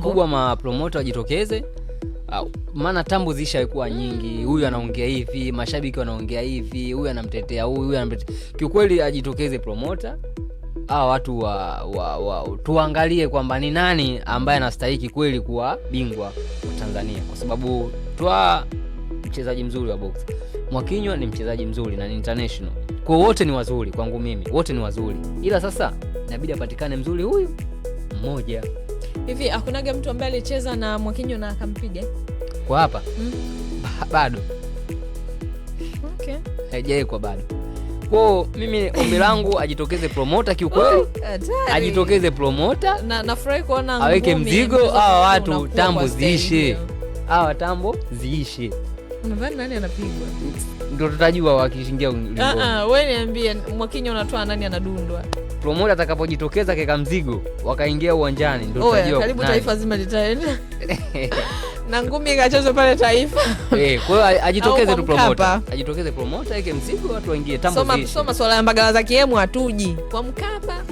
kubwa mapromota wajitokeze, maana tambo kuwa nyingi. Huyu anaongea hivi, mashabiki wanaongea hivi, huyu anamtetea huyu, huyu anamtetea. Kiukweli ajitokeze promota hawa watu wa, wa, wa, tuangalie kwamba ni nani ambaye anastahiki kweli kuwa bingwa wa Tanzania, kwa sababu twa mchezaji mzuri wa box Mwakinywa ni mchezaji mzuri na ni international, kwa wote ni wazuri kwangu mimi, wote ni wazuri, ila sasa inabidi apatikane mzuri huyu mmoja. Hivi hakunaga mtu ambaye alicheza na Mwakinyo na akampiga kwa hapa? mm. Bado okay. Haijai kwa bado ko Mimi ombi langu ajitokeze promota, kiukweli ajitokeze promota na, nafurahi kuona aweke mzigo awa watu, tambo ziishe, awa tambo ziishe. Unadhani nani anapigwa? Ndio tutajua wakishingia. Ah, ah, wewe niambie, Mwakinyo unatoa nani anadundwa? promoter atakapojitokeza keka mzigo wakaingia uwanjani, ndio karibu taifa zima litaenda na ngumi ikachezwa pale Taifa. Eh, kwa hiyo ajitokeze tu promoter, ajitokeze promoter yake mzigo, watu waingie tambo. Soma soma swala ya Mbagala za Kiemu hatuji kwa Mkapa